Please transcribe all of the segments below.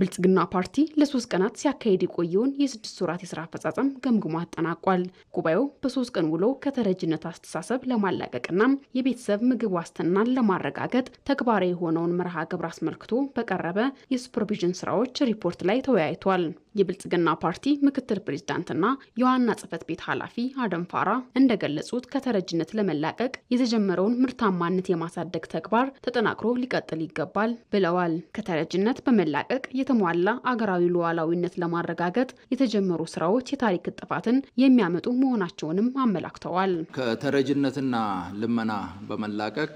ብልጽግና ፓርቲ ለሶስት ቀናት ሲያካሄድ የቆየውን የስድስት ወራት የስራ አፈጻጸም ገምግሞ አጠናቋል። ጉባኤው በሶስት ቀን ውሎ ከተረጅነት አስተሳሰብ ለማላቀቅና የቤተሰብ ምግብ ዋስትናን ለማረጋገጥ ተግባራዊ የሆነውን መርሃ ግብር አስመልክቶ በቀረበ የሱፐርቪዥን ስራዎች ሪፖርት ላይ ተወያይቷል። የብልጽግና ፓርቲ ምክትል ፕሬዝዳንትና የዋና ጽህፈት ቤት ኃላፊ አደም ፋራ እንደገለጹት ከተረጅነት ለመላቀቅ የተጀመረውን ምርታማነት የማሳደግ ተግባር ተጠናክሮ ሊቀጥል ይገባል ብለዋል። ከተረጅነት በመላቀቅ የተሟላ አገራዊ ሉዓላዊነት ለማረጋገጥ የተጀመሩ ስራዎች የታሪክ እጥፋትን የሚያመጡ መሆናቸውንም አመላክተዋል። ከተረጅነትና ልመና በመላቀቅ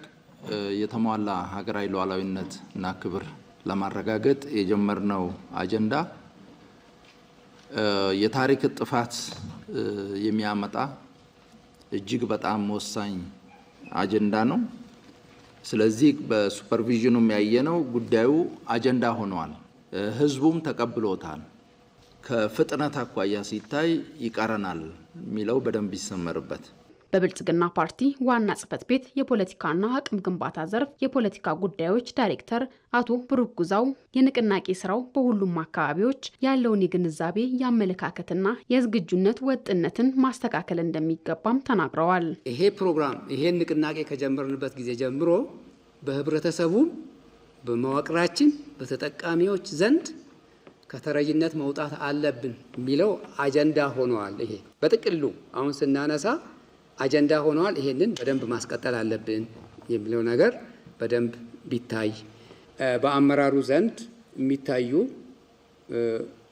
የተሟላ ሀገራዊ ሉዓላዊነት እና ክብር ለማረጋገጥ የጀመርነው አጀንዳ የታሪክ እጥፋት የሚያመጣ እጅግ በጣም ወሳኝ አጀንዳ ነው። ስለዚህ በሱፐርቪዥኑም ያየነው ጉዳዩ አጀንዳ ሆነዋል። ህዝቡም ተቀብሎታል። ከፍጥነት አኳያ ሲታይ ይቀረናል የሚለው በደንብ ይሰመርበት። በብልጽግና ፓርቲ ዋና ጽህፈት ቤት የፖለቲካና አቅም ግንባታ ዘርፍ የፖለቲካ ጉዳዮች ዳይሬክተር አቶ ብሩክ ጉዛው የንቅናቄ ስራው በሁሉም አካባቢዎች ያለውን የግንዛቤ የአመለካከትና የዝግጁነት ወጥነትን ማስተካከል እንደሚገባም ተናግረዋል። ይሄ ፕሮግራም ይሄን ንቅናቄ ከጀመርንበት ጊዜ ጀምሮ በህብረተሰቡም በመዋቅራችን በተጠቃሚዎች ዘንድ ከተረጅነት መውጣት አለብን የሚለው አጀንዳ ሆነዋል። ይሄ በጥቅሉ አሁን ስናነሳ አጀንዳ ሆነዋል። ይሄንን በደንብ ማስቀጠል አለብን የሚለው ነገር በደንብ ቢታይ በአመራሩ ዘንድ የሚታዩ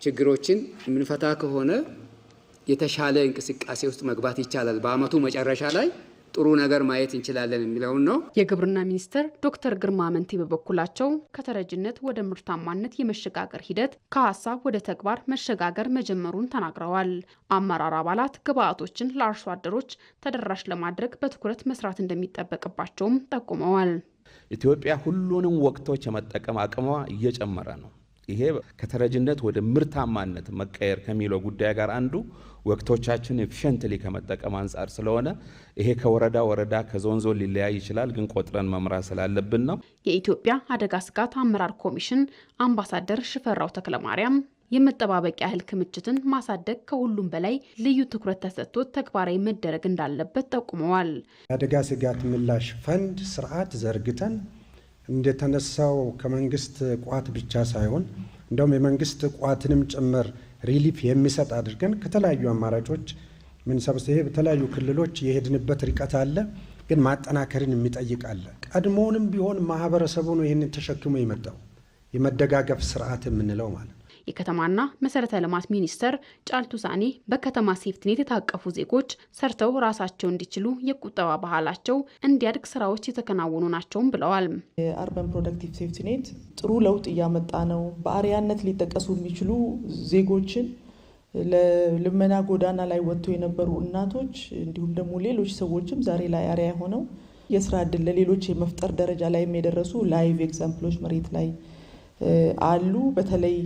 ችግሮችን የምንፈታ ከሆነ የተሻለ እንቅስቃሴ ውስጥ መግባት ይቻላል። በአመቱ መጨረሻ ላይ ጥሩ ነገር ማየት እንችላለን የሚለውን ነው። የግብርና ሚኒስትር ዶክተር ግርማ መንቴ በበኩላቸው ከተረጅነት ወደ ምርታማነት የመሸጋገር ሂደት ከሀሳብ ወደ ተግባር መሸጋገር መጀመሩን ተናግረዋል። አመራር አባላት ግብአቶችን ለአርሶ አደሮች ተደራሽ ለማድረግ በትኩረት መስራት እንደሚጠበቅባቸውም ጠቁመዋል። ኢትዮጵያ ሁሉንም ወቅቶች የመጠቀም አቅሟ እየጨመረ ነው። ይሄ ከተረጅነት ወደ ምርታማነት መቀየር ከሚለው ጉዳይ ጋር አንዱ ወቅቶቻችን ኤፊሽንትሊ ከመጠቀም አንጻር ስለሆነ ይሄ ከወረዳ ወረዳ ከዞን ዞን ሊለያይ ይችላል፣ ግን ቆጥረን መምራት ስላለብን ነው። የኢትዮጵያ አደጋ ስጋት አመራር ኮሚሽን አምባሳደር ሽፈራው ተክለማርያም የመጠባበቂያ እህል ክምችትን ማሳደግ ከሁሉም በላይ ልዩ ትኩረት ተሰጥቶት ተግባራዊ መደረግ እንዳለበት ጠቁመዋል። የአደጋ ስጋት ምላሽ ፈንድ ስርዓት ዘርግተን እንደተነሳው ከመንግስት ቋት ብቻ ሳይሆን እንደውም የመንግስት ቋትንም ጭምር ሪሊፍ የሚሰጥ አድርገን ከተለያዩ አማራጮች ምንሰብስ ይሄ በተለያዩ ክልሎች የሄድንበት ርቀት አለ፣ ግን ማጠናከርን የሚጠይቅ አለ። ቀድሞውንም ቢሆን ማህበረሰቡ ነው ይህንን ተሸክሞ የመጣው የመደጋገፍ ስርዓት የምንለው ማለት ነው። የከተማና መሰረተ ልማት ሚኒስተር ጫልቱ ሳኒ በከተማ ሴፍትኔት የታቀፉ ዜጎች ሰርተው ራሳቸው እንዲችሉ የቁጠባ ባህላቸው እንዲያድግ ስራዎች የተከናወኑ ናቸውም ብለዋል። የአርበን ፕሮዳክቲቭ ሴፍትኔት ጥሩ ለውጥ እያመጣ ነው። በአርያነት ሊጠቀሱ የሚችሉ ዜጎችን ለልመና ጎዳና ላይ ወጥቶ የነበሩ እናቶች እንዲሁም ደግሞ ሌሎች ሰዎችም ዛሬ ላይ አርያ ሆነው የስራ እድል ለሌሎች የመፍጠር ደረጃ ላይ የደረሱ ላይቭ ኤግዛምፕሎች መሬት ላይ አሉ። በተለይ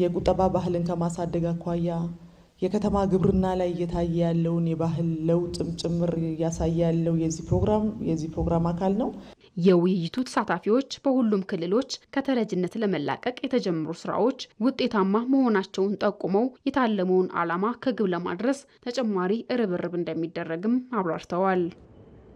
የቁጠባ ባህልን ከማሳደግ አኳያ የከተማ ግብርና ላይ እየታየ ያለውን የባህል ለውጥም ጭምር እያሳየ ያለው የዚህ ፕሮግራም የዚህ ፕሮግራም አካል ነው። የውይይቱ ተሳታፊዎች በሁሉም ክልሎች ከተረጅነት ለመላቀቅ የተጀመሩ ስራዎች ውጤታማ መሆናቸውን ጠቁመው የታለመውን ዓላማ ከግብ ለማድረስ ተጨማሪ ርብርብ እንደሚደረግም አብራርተዋል።